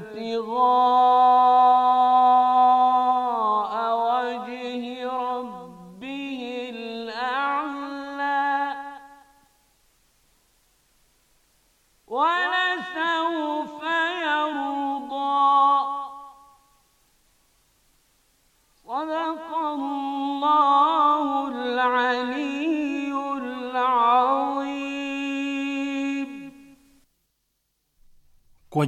ابتغاء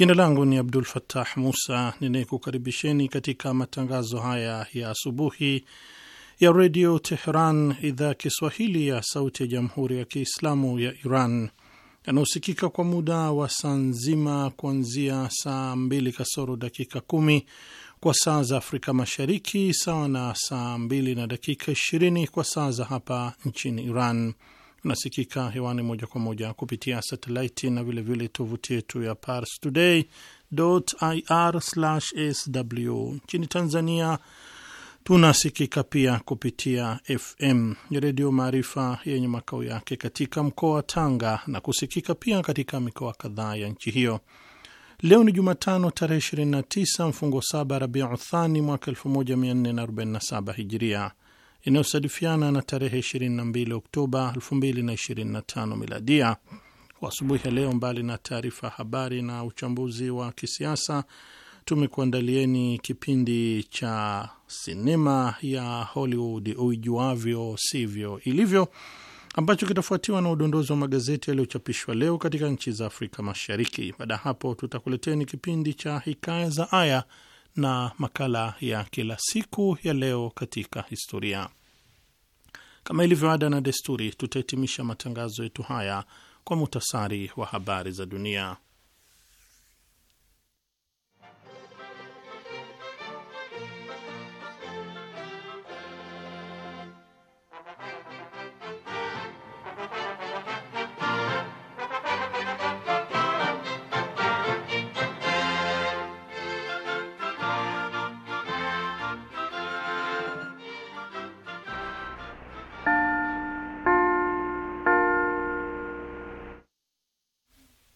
Jina langu ni Abdul fatah Musa ninayekukaribisheni katika matangazo haya ya asubuhi ya redio Teheran, idhaa ya Kiswahili ya sauti ya jamhuri ya Kiislamu ya Iran yanayosikika kwa muda wa saa nzima kuanzia saa mbili kasoro dakika kumi kwa saa za Afrika Mashariki, sawa na saa mbili na dakika ishirini kwa saa za hapa nchini Iran Tunasikika hewani moja kwa moja kupitia satelaiti na vilevile tovuti yetu ya Pars Today ir sw. Nchini Tanzania tunasikika pia kupitia FM Redio Maarifa yenye makao yake katika mkoa wa Tanga na kusikika pia katika mikoa kadhaa ya nchi hiyo. Leo ni Jumatano tarehe 29 mfungo 7 Rabiu Thani mwaka 1447 Hijiria, inayosadifiana na tarehe 22 Oktoba 2025 miladia. Kwa asubuhi ya leo, mbali na taarifa habari na uchambuzi wa kisiasa, tumekuandalieni kipindi cha sinema ya Hollywood uijuavyo sivyo ilivyo, ambacho kitafuatiwa na udondozi wa magazeti yaliyochapishwa leo katika nchi za Afrika Mashariki. Baada ya hapo, tutakuleteni kipindi cha hikaya za aya na makala ya kila siku ya leo katika historia. Kama ilivyo ada na desturi, tutahitimisha matangazo yetu haya kwa muhtasari wa habari za dunia.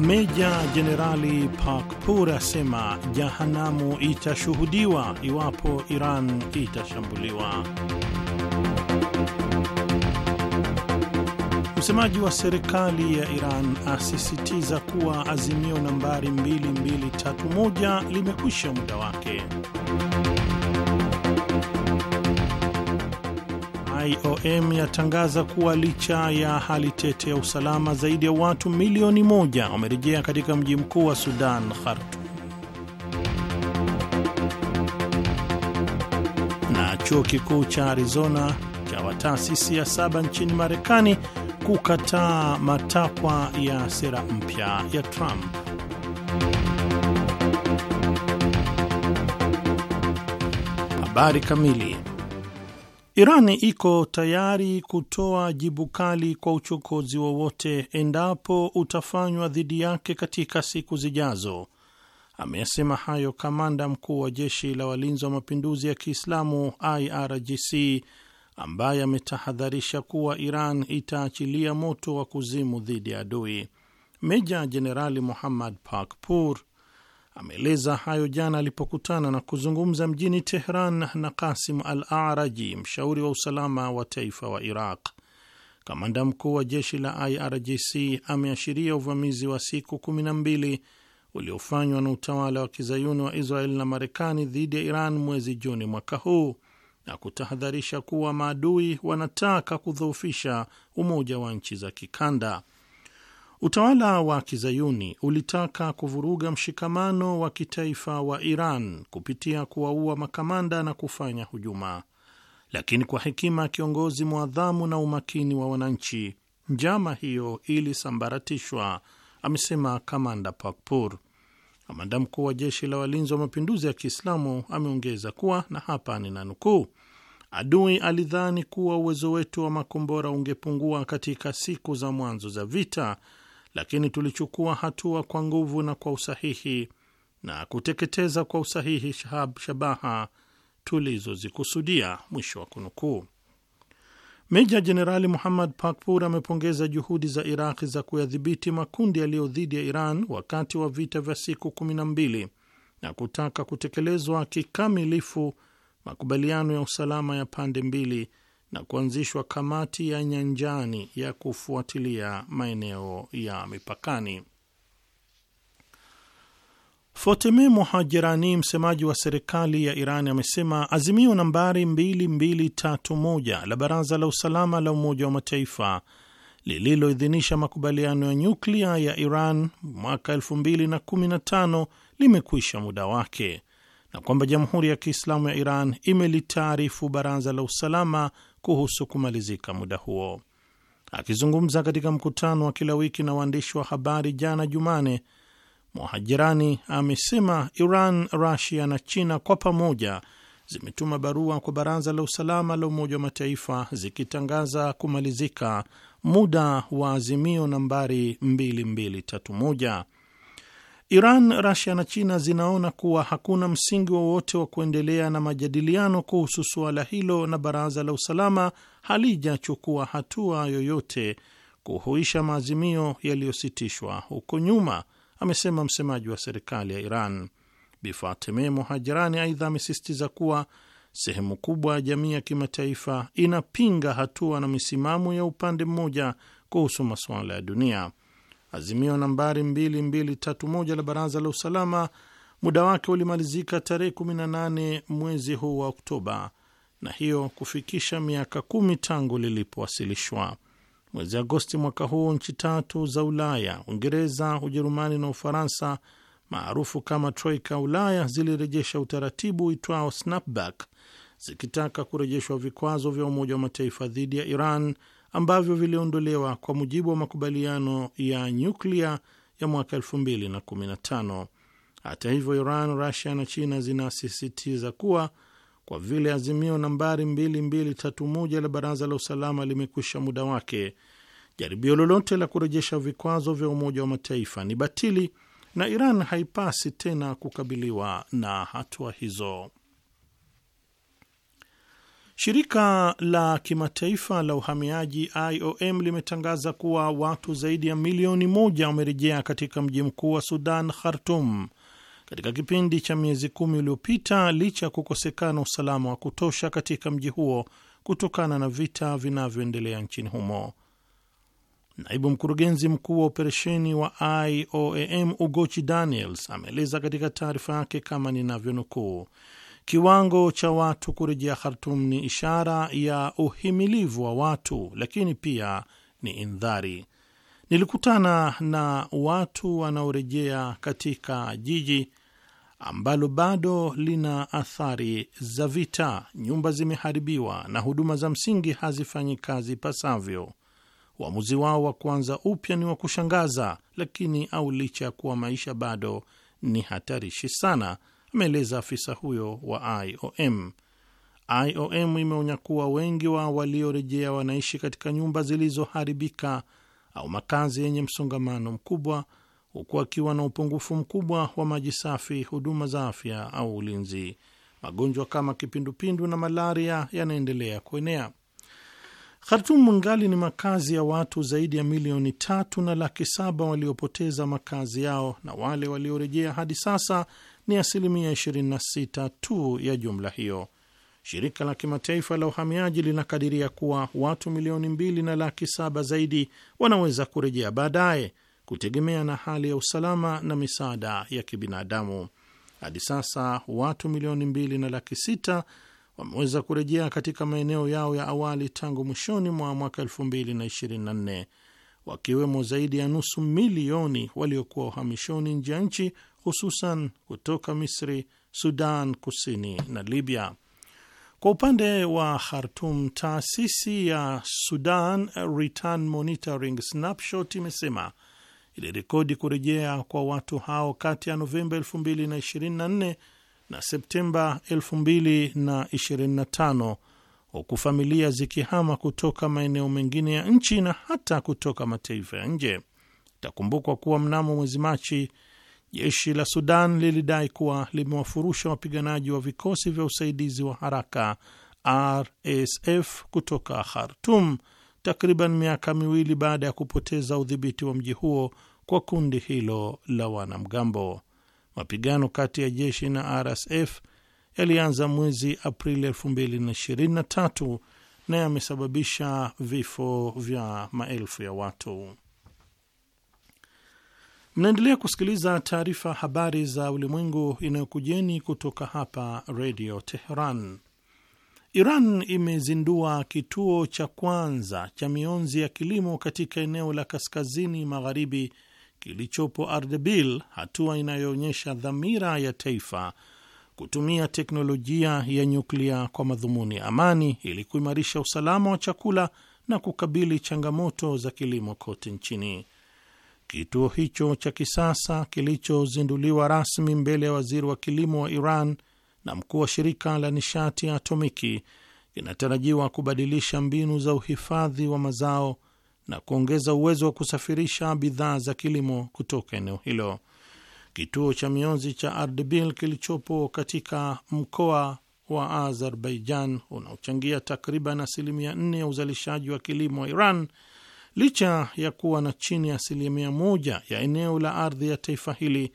Meja Jenerali Pur asema jahanamu itashuhudiwa iwapo Iran itashambuliwa. Msemaji wa serikali ya Iran asisitiza kuwa azimio nambari 2231 limekwisha muda wake. IOM yatangaza kuwa licha ya hali tete ya usalama, zaidi ya watu milioni moja wamerejea katika mji mkuu wa Sudan, Khartoum. Na chuo kikuu cha Arizona cha wataasisi ya saba nchini Marekani kukataa matakwa ya sera mpya ya Trump. Habari kamili Irani iko tayari kutoa jibu kali kwa uchokozi wowote endapo utafanywa dhidi yake katika siku zijazo. Ameyasema hayo kamanda mkuu wa jeshi la walinzi wa mapinduzi ya Kiislamu IRGC ambaye ametahadharisha kuwa Iran itaachilia moto wa kuzimu dhidi ya adui. Meja Jenerali Muhammad Pakpur ameeleza hayo jana alipokutana na kuzungumza mjini Tehran na Kasim Al Araji, mshauri wa usalama wa taifa wa Iraq. Kamanda mkuu wa jeshi la IRGC ameashiria uvamizi wa siku mbili uliofanywa na utawala wa kizayuni wa Israel na Marekani dhidi ya Iran mwezi Juni mwaka huu na kutahadharisha kuwa maadui wanataka kudhoofisha umoja wa nchi za kikanda. Utawala wa kizayuni ulitaka kuvuruga mshikamano wa kitaifa wa Iran kupitia kuwaua makamanda na kufanya hujuma, lakini kwa hekima ya kiongozi mwadhamu na umakini wa wananchi, njama hiyo ilisambaratishwa, amesema kamanda Pakpur. Kamanda mkuu wa jeshi la walinzi wa mapinduzi ya Kiislamu ameongeza kuwa, na hapa nina nukuu, adui alidhani kuwa uwezo wetu wa makombora ungepungua katika siku za mwanzo za vita lakini tulichukua hatua kwa nguvu na kwa usahihi na kuteketeza kwa usahihi shahab shabaha tulizozikusudia. Mwisho wa kunukuu. Meja Jenerali Muhammad Pakpur amepongeza juhudi za Iraqi za kuyadhibiti makundi yaliyo dhidi ya Iran wakati wa vita vya siku mbili na kutaka kutekelezwa kikamilifu makubaliano ya usalama ya pande mbili na kuanzishwa kamati ya nyanjani ya kufuatilia maeneo ya mipakani. Fatime Mohajerani, msemaji wa serikali ya Iran, amesema azimio nambari 2231 la Baraza la Usalama la Umoja wa Mataifa lililoidhinisha makubaliano ya nyuklia ya Iran mwaka 2015 limekwisha muda wake na kwamba Jamhuri ya Kiislamu ya Iran imelitaarifu Baraza la Usalama kuhusu kumalizika muda huo. Akizungumza katika mkutano wa kila wiki na waandishi wa habari jana Jumane, Mohajirani amesema Iran, Rusia na China kwa pamoja zimetuma barua kwa Baraza la Usalama la Umoja wa Mataifa zikitangaza kumalizika muda wa azimio nambari 2231 Iran, Rasia na China zinaona kuwa hakuna msingi wowote wa, wa kuendelea na majadiliano kuhusu suala hilo na baraza la usalama halijachukua hatua yoyote kuhuisha maazimio yaliyositishwa huko nyuma, amesema msemaji wa serikali ya Iran Bi Fatime Mohajerani. Aidha, amesisitiza kuwa sehemu kubwa ya jamii ya kimataifa inapinga hatua na misimamo ya upande mmoja kuhusu masuala ya dunia. Azimio nambari 2231 la Baraza la Usalama muda wake ulimalizika tarehe 18 mwezi huu wa Oktoba, na hiyo kufikisha miaka kumi tangu lilipowasilishwa. Mwezi Agosti mwaka huu, nchi tatu za Ulaya, Uingereza, Ujerumani na Ufaransa, maarufu kama Troika Ulaya, zilirejesha utaratibu uitwao snapback, zikitaka kurejeshwa vikwazo vya Umoja wa Mataifa dhidi ya Iran ambavyo viliondolewa kwa mujibu wa makubaliano ya nyuklia ya mwaka 2015. Hata hivyo, Iran, Rusia na China zinasisitiza kuwa kwa vile azimio nambari 2231 la Baraza la Usalama limekwisha muda wake, jaribio lolote la kurejesha vikwazo vya Umoja wa Mataifa ni batili na Iran haipasi tena kukabiliwa na hatua hizo. Shirika la kimataifa la uhamiaji IOM limetangaza kuwa watu zaidi ya milioni moja wamerejea katika mji mkuu wa Sudan, Khartum, katika kipindi cha miezi kumi uliopita, licha ya kukosekana usalama wa kutosha katika mji huo kutokana na vita vinavyoendelea nchini humo. Naibu mkurugenzi mkuu wa operesheni wa IOM Ugochi Daniels ameeleza katika taarifa yake kama ninavyonukuu: Kiwango cha watu kurejea Khartum ni ishara ya uhimilivu wa watu, lakini pia ni indhari. Nilikutana na watu wanaorejea katika jiji ambalo bado lina athari za vita, nyumba zimeharibiwa na huduma za msingi hazifanyi kazi pasavyo. Uamuzi wao wa kuanza upya ni wa kushangaza, lakini au licha ya kuwa maisha bado ni hatarishi sana ameeleza afisa huyo wa IOM. IOM imeonya kuwa wengi wa waliorejea wanaishi katika nyumba zilizoharibika au makazi yenye msongamano mkubwa, huku akiwa na upungufu mkubwa wa maji safi, huduma za afya au ulinzi. Magonjwa kama kipindupindu na malaria yanaendelea kuenea. Khartum mungali ni makazi ya watu zaidi ya milioni tatu na laki saba waliopoteza makazi yao na wale waliorejea hadi sasa ni asilimia 26 tu ya jumla hiyo. Shirika la kimataifa la uhamiaji linakadiria kuwa watu milioni mbili na laki saba zaidi wanaweza kurejea baadaye kutegemea na hali ya usalama na misaada ya kibinadamu. Hadi sasa watu milioni mbili na laki sita wameweza kurejea katika maeneo yao ya awali tangu mwishoni mwa mwaka 224 wakiwemo zaidi ya nusu milioni waliokuwa uhamishoni nje ya nchi, hususan kutoka Misri, Sudan Kusini na Libya. Kwa upande wa Khartum, taasisi ya Sudan Return Monitoring Snapshot imesema ilirekodi kurejea kwa watu hao kati ya Novemba 2024 na Septemba 2025 huku familia zikihama kutoka maeneo mengine ya nchi na hata kutoka mataifa ya nje. Itakumbukwa kuwa mnamo mwezi Machi jeshi la Sudan lilidai kuwa limewafurusha wapiganaji wa vikosi vya usaidizi wa haraka RSF kutoka Khartum takriban miaka miwili baada ya kupoteza udhibiti wa mji huo kwa kundi hilo la wanamgambo. Mapigano kati ya jeshi na RSF yalianza mwezi Aprili 2023 na yamesababisha vifo vya maelfu ya watu. Mnaendelea kusikiliza taarifa habari za ulimwengu inayokujeni kutoka hapa redio Teheran. Iran imezindua kituo cha kwanza cha mionzi ya kilimo katika eneo la kaskazini magharibi kilichopo Ardebil, hatua inayoonyesha dhamira ya taifa kutumia teknolojia ya nyuklia kwa madhumuni ya amani ili kuimarisha usalama wa chakula na kukabili changamoto za kilimo kote nchini. Kituo hicho cha kisasa kilichozinduliwa rasmi mbele ya waziri wa kilimo wa Iran na mkuu wa shirika la nishati ya atomiki kinatarajiwa kubadilisha mbinu za uhifadhi wa mazao na kuongeza uwezo wa kusafirisha bidhaa za kilimo kutoka eneo hilo kituo cha mionzi cha ardbil kilichopo katika mkoa wa Azerbaijan unaochangia takriban asilimia nne ya uzalishaji wa kilimo wa Iran licha ya kuwa na chini ya asilimia moja ya eneo la ardhi ya taifa hili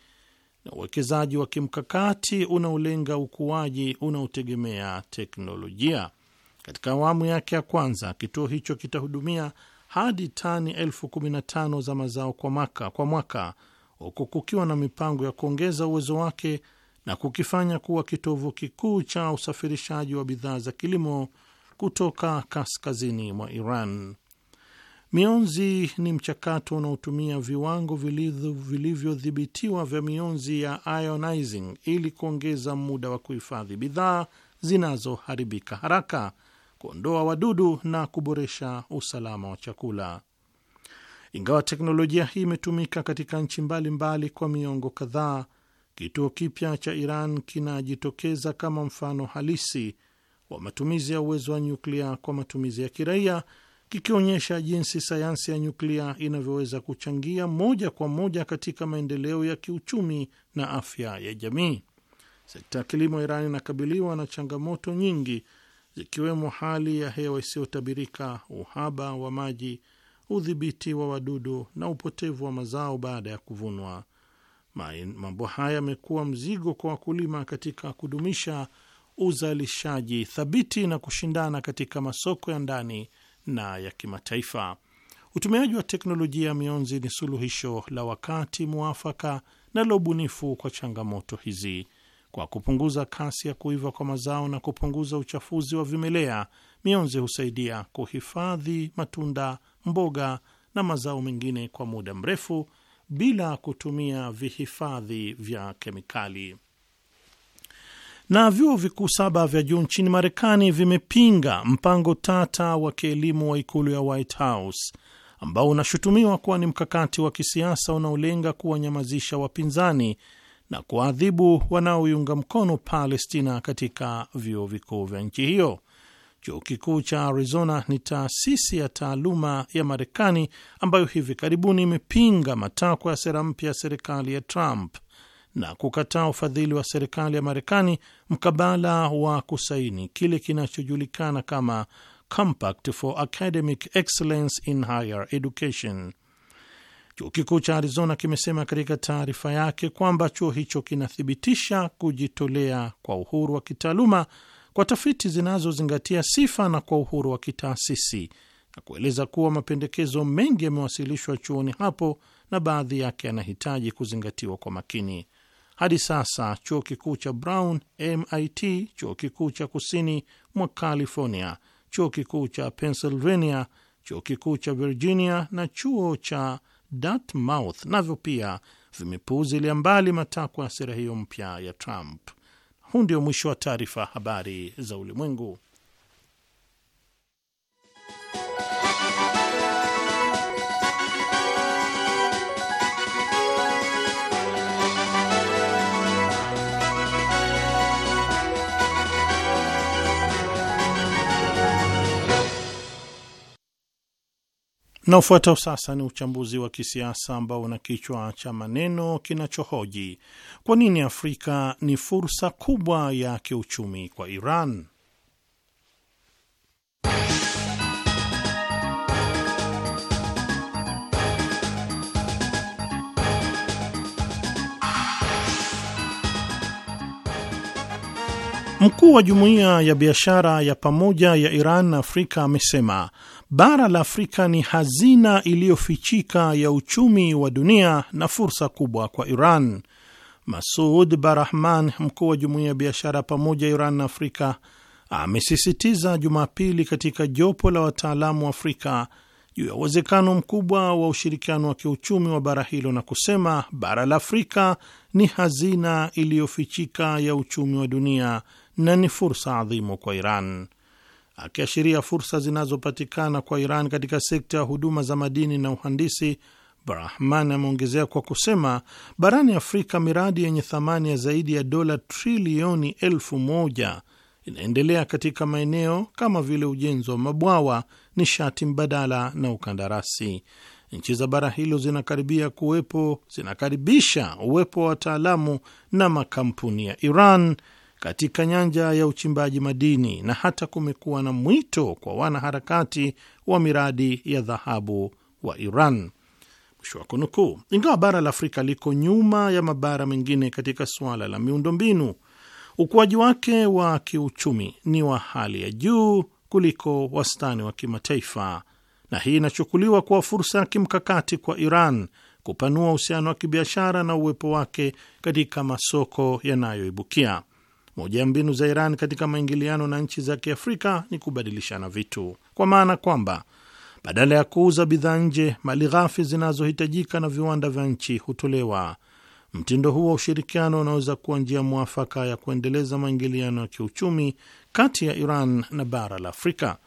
na uwekezaji wa kimkakati unaolenga ukuaji unaotegemea teknolojia. Katika awamu yake ya kwanza, kituo hicho kitahudumia hadi tani elfu kumi na tano za mazao kwa mwaka, kwa mwaka huku kukiwa na mipango ya kuongeza uwezo wake na kukifanya kuwa kitovu kikuu cha usafirishaji wa bidhaa za kilimo kutoka kaskazini mwa Iran. Mionzi ni mchakato unaotumia viwango vilivyodhibitiwa vya mionzi ya ionizing ili kuongeza muda wa kuhifadhi bidhaa zinazoharibika haraka, kuondoa wadudu na kuboresha usalama wa chakula. Ingawa teknolojia hii imetumika katika nchi mbalimbali kwa miongo kadhaa, kituo kipya cha Iran kinajitokeza kama mfano halisi wa matumizi ya uwezo wa nyuklia kwa matumizi ya kiraia, kikionyesha jinsi sayansi ya nyuklia inavyoweza kuchangia moja kwa moja katika maendeleo ya kiuchumi na afya ya jamii. Sekta ya kilimo ya Iran inakabiliwa na changamoto nyingi, zikiwemo hali ya hewa isiyotabirika, uhaba wa maji udhibiti wa wadudu na upotevu wa mazao baada ya kuvunwa. Mambo haya yamekuwa mzigo kwa wakulima katika kudumisha uzalishaji thabiti na kushindana katika masoko ya ndani na ya kimataifa. Utumiaji wa teknolojia ya mionzi ni suluhisho la wakati mwafaka na la ubunifu kwa changamoto hizi. Kwa kupunguza kasi ya kuiva kwa mazao na kupunguza uchafuzi wa vimelea, mionzi husaidia kuhifadhi matunda mboga na mazao mengine kwa muda mrefu bila kutumia vihifadhi vya kemikali. Na vyuo vikuu saba vya juu nchini Marekani vimepinga mpango tata wa kielimu wa ikulu ya White House ambao unashutumiwa kuwa ni mkakati wa kisiasa unaolenga kuwanyamazisha wapinzani na kuwaadhibu wanaoiunga mkono Palestina katika vyuo vikuu vya nchi hiyo. Chuo kikuu cha Arizona ni taasisi ya taaluma ya Marekani ambayo hivi karibuni imepinga matakwa ya sera mpya ya serikali ya Trump na kukataa ufadhili wa serikali ya Marekani mkabala wa kusaini kile kinachojulikana kama Compact for Academic Excellence in Higher Education. Chuo kikuu cha Arizona kimesema katika taarifa yake kwamba chuo hicho kinathibitisha kujitolea kwa uhuru wa kitaaluma kwa tafiti zinazozingatia sifa na kwa uhuru wa kitaasisi na kueleza kuwa mapendekezo mengi yamewasilishwa chuoni hapo na baadhi yake yanahitaji kuzingatiwa kwa makini. Hadi sasa chuo kikuu cha Brown, MIT, chuo kikuu cha kusini mwa California, chuo kikuu cha Pennsylvania, chuo kikuu cha Virginia na chuo cha Dartmouth navyo pia vimepuuzilia mbali matakwa ya sera hiyo mpya ya Trump. Huu ndio mwisho wa taarifa habari za ulimwengu. Na ufuatao sasa ni uchambuzi wa kisiasa ambao una kichwa cha maneno kinachohoji kwa nini Afrika ni fursa kubwa ya kiuchumi kwa Iran. Mkuu wa jumuiya ya biashara ya pamoja ya Iran na Afrika amesema bara la Afrika ni hazina iliyofichika ya uchumi wa dunia na fursa kubwa kwa Iran. Masud Barahman, mkuu wa jumuiya ya biashara pamoja Iran na Afrika, amesisitiza Jumapili katika jopo la wataalamu wa Afrika juu ya uwezekano mkubwa wa ushirikiano wa kiuchumi wa bara hilo na kusema bara la Afrika ni hazina iliyofichika ya uchumi wa dunia na ni fursa adhimu kwa Iran akiashiria fursa zinazopatikana kwa Iran katika sekta ya huduma za madini na uhandisi. Brahman ameongezea kwa kusema, barani Afrika miradi yenye thamani ya zaidi ya dola trilioni elfu moja inaendelea katika maeneo kama vile ujenzi wa mabwawa, nishati mbadala na ukandarasi. Nchi za bara hilo zinakaribia kuwepo zinakaribisha uwepo wa wataalamu na makampuni ya Iran katika nyanja ya uchimbaji madini na hata kumekuwa na mwito kwa wanaharakati wa miradi ya dhahabu wa Iran. Mwisho wa kunukuu. Ingawa bara la Afrika liko nyuma ya mabara mengine katika suala la miundombinu, ukuaji wake wa kiuchumi ni wa hali ya juu kuliko wastani wa kimataifa, na hii inachukuliwa kuwa fursa ya kimkakati kwa Iran kupanua uhusiano wa kibiashara na uwepo wake katika masoko yanayoibukia. Moja ya mbinu za Iran katika maingiliano na nchi za Kiafrika ni kubadilishana vitu, kwa maana kwamba badala ya kuuza bidhaa nje, mali ghafi zinazohitajika na viwanda vya nchi hutolewa. Mtindo huo wa ushirikiano unaweza kuwa njia mwafaka ya kuendeleza maingiliano ya kiuchumi kati ya Iran na bara la Afrika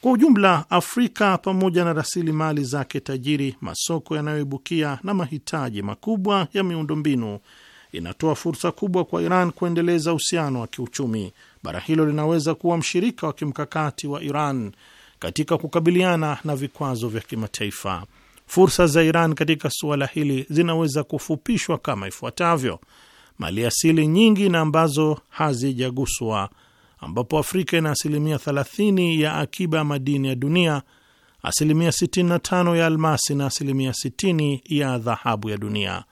kwa ujumla. Afrika pamoja na rasilimali zake tajiri, masoko yanayoibukia na mahitaji makubwa ya miundombinu inatoa fursa kubwa kwa Iran kuendeleza uhusiano wa kiuchumi. Bara hilo linaweza kuwa mshirika wa kimkakati wa Iran katika kukabiliana na vikwazo vya kimataifa. Fursa za Iran katika suala hili zinaweza kufupishwa kama ifuatavyo: maliasili nyingi na ambazo hazijaguswa, ambapo Afrika ina asilimia 30 ya akiba ya madini ya dunia, asilimia 65 ya almasi na asilimia 60 ya dhahabu ya dunia.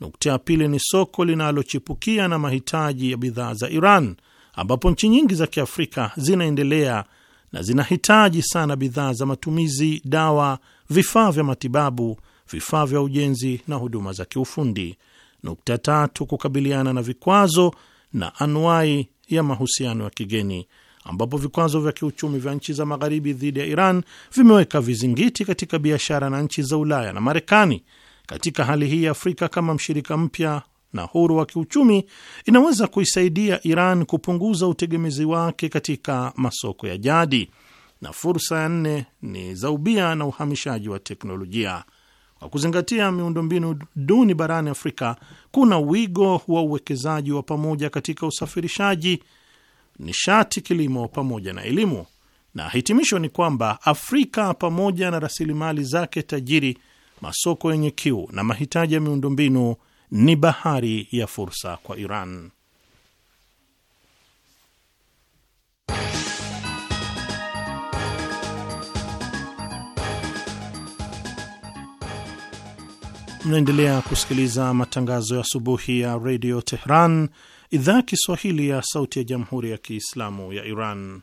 Nukta ya pili ni soko linalochipukia na mahitaji ya bidhaa za Iran, ambapo nchi nyingi za Kiafrika zinaendelea na zinahitaji sana bidhaa za matumizi, dawa, vifaa vya matibabu, vifaa vya ujenzi na huduma za kiufundi. Nukta tatu, kukabiliana na vikwazo na anuai ya mahusiano ya kigeni ambapo vikwazo vya kiuchumi vya nchi za magharibi dhidi ya Iran vimeweka vizingiti katika biashara na nchi za Ulaya na Marekani katika hali hii, Afrika kama mshirika mpya na huru wa kiuchumi inaweza kuisaidia Iran kupunguza utegemezi wake katika masoko ya jadi. Na fursa ya nne ni za ubia na uhamishaji wa teknolojia. Kwa kuzingatia miundombinu duni barani Afrika, kuna wigo wa uwekezaji wa pamoja katika usafirishaji, nishati, kilimo pamoja na elimu. Na hitimisho ni kwamba Afrika pamoja na rasilimali zake tajiri masoko yenye kiu na mahitaji ya miundombinu ni bahari ya fursa kwa Iran. Mnaendelea kusikiliza matangazo ya asubuhi ya redio Tehran, idhaa ya Kiswahili ya sauti ya jamhuri ya kiislamu ya Iran.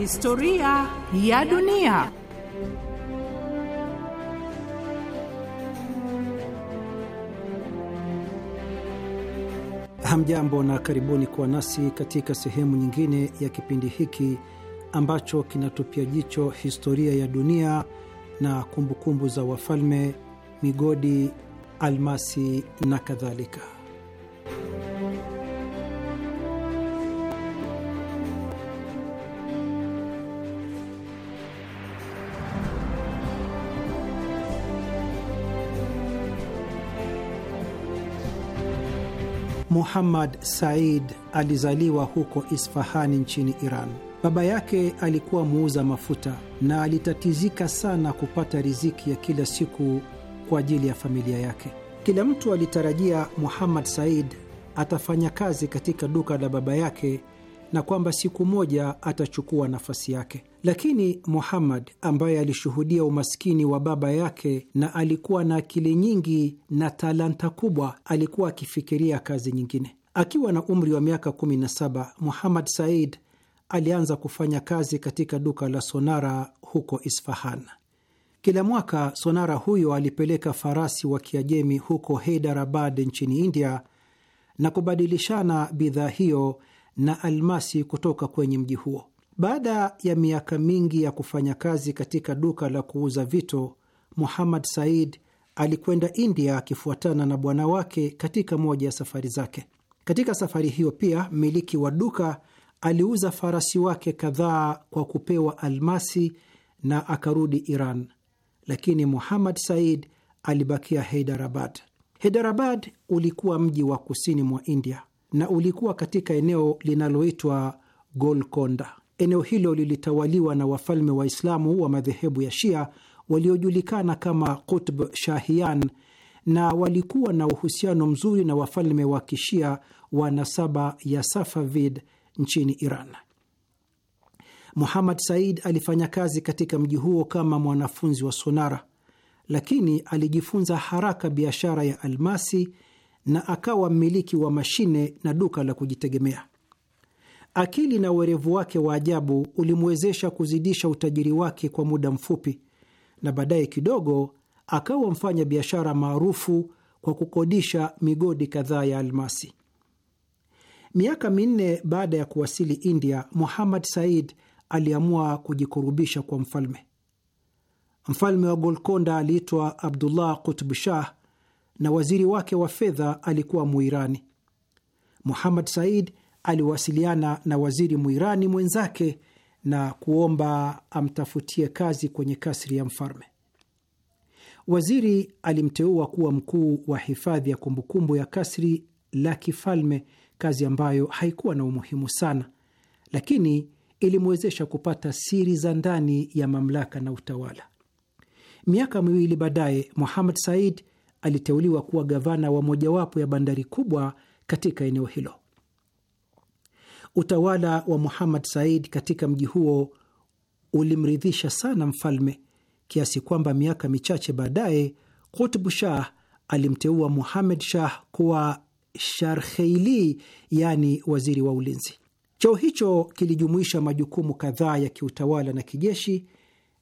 Historia ya dunia. Hamjambo na karibuni kuwa nasi katika sehemu nyingine ya kipindi hiki ambacho kinatupia jicho historia ya dunia na kumbukumbu za wafalme, migodi, almasi na kadhalika. Muhammad Said alizaliwa huko Isfahani nchini Iran. Baba yake alikuwa muuza mafuta na alitatizika sana kupata riziki ya kila siku kwa ajili ya familia yake. Kila mtu alitarajia Muhammad Said atafanya kazi katika duka la baba yake na kwamba siku moja atachukua nafasi yake. Lakini Muhammad ambaye alishuhudia umaskini wa baba yake na alikuwa na akili nyingi na talanta kubwa, alikuwa akifikiria kazi nyingine. Akiwa na umri wa miaka 17, Muhammad Said alianza kufanya kazi katika duka la sonara huko Isfahan. Kila mwaka sonara huyo alipeleka farasi wa Kiajemi huko Heidarabad nchini India na kubadilishana bidhaa hiyo na almasi kutoka kwenye mji huo. Baada ya miaka mingi ya kufanya kazi katika duka la kuuza vito, Muhammad Said alikwenda India akifuatana na bwana wake katika moja ya safari zake. Katika safari hiyo pia, mmiliki wa duka aliuza farasi wake kadhaa kwa kupewa almasi na akarudi Iran, lakini Muhammad Said alibakia Heidarabad. Heidarabad ulikuwa mji wa kusini mwa India na ulikuwa katika eneo linaloitwa Golconda. Eneo hilo lilitawaliwa na wafalme Waislamu wa madhehebu ya Shia waliojulikana kama kutb Shahiyan, na walikuwa na uhusiano mzuri na wafalme wa kishia wa nasaba ya Safavid nchini Iran. Muhammad Said alifanya kazi katika mji huo kama mwanafunzi wa sonara, lakini alijifunza haraka biashara ya almasi na akawa mmiliki wa mashine na duka la kujitegemea. Akili na uwerevu wake wa ajabu ulimwezesha kuzidisha utajiri wake kwa muda mfupi, na baadaye kidogo akawa mfanya biashara maarufu kwa kukodisha migodi kadhaa ya almasi. Miaka minne baada ya kuwasili India, Muhammad Said aliamua kujikurubisha kwa mfalme. Mfalme wa Golkonda aliitwa Abdullah Kutbu Shah na waziri wake wa fedha alikuwa Muirani. Muhammad Said aliwasiliana na waziri Muirani mwenzake na kuomba amtafutie kazi kwenye kasri ya mfalme. Waziri alimteua kuwa mkuu wa hifadhi ya kumbukumbu ya kasri la kifalme, kazi ambayo haikuwa na umuhimu sana, lakini ilimwezesha kupata siri za ndani ya mamlaka na utawala. Miaka miwili baadaye, Muhammad Said aliteuliwa kuwa gavana wa mojawapo ya bandari kubwa katika eneo hilo. Utawala wa Muhammad Said katika mji huo ulimridhisha sana mfalme kiasi kwamba miaka michache baadaye Kutbu Shah alimteua Muhamed Shah kuwa Sharkheili, yaani waziri wa ulinzi. Cheo hicho kilijumuisha majukumu kadhaa ya kiutawala na kijeshi,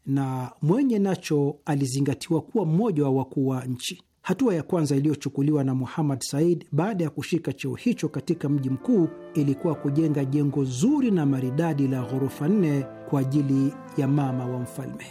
na mwenye nacho alizingatiwa kuwa mmoja wa wakuu wa nchi. Hatua ya kwanza iliyochukuliwa na Muhammad Said baada ya kushika cheo hicho katika mji mkuu ilikuwa kujenga jengo zuri na maridadi la ghorofa nne kwa ajili ya mama wa mfalme.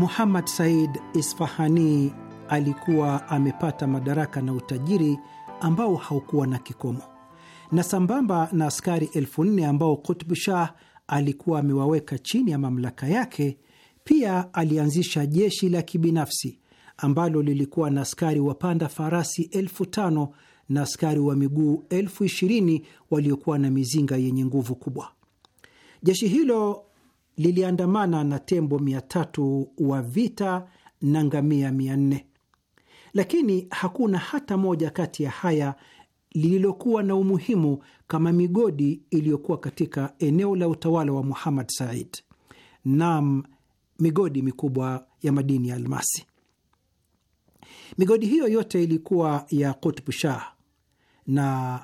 Muhammad Said Isfahani alikuwa amepata madaraka na utajiri ambao haukuwa na kikomo, na sambamba na askari elfu nne ambao Kutbu Shah alikuwa amewaweka chini ya mamlaka yake, pia alianzisha jeshi la kibinafsi ambalo lilikuwa na askari wapanda farasi elfu tano na askari wa miguu elfu ishirini waliokuwa na mizinga yenye nguvu kubwa. Jeshi hilo liliandamana na tembo mia tatu wa vita na ngamia mia nne lakini hakuna hata moja kati ya haya lililokuwa na umuhimu kama migodi iliyokuwa katika eneo la utawala wa Muhammad Said. Naam, migodi mikubwa ya madini ya almasi. Migodi hiyo yote ilikuwa ya Kutbu Shah na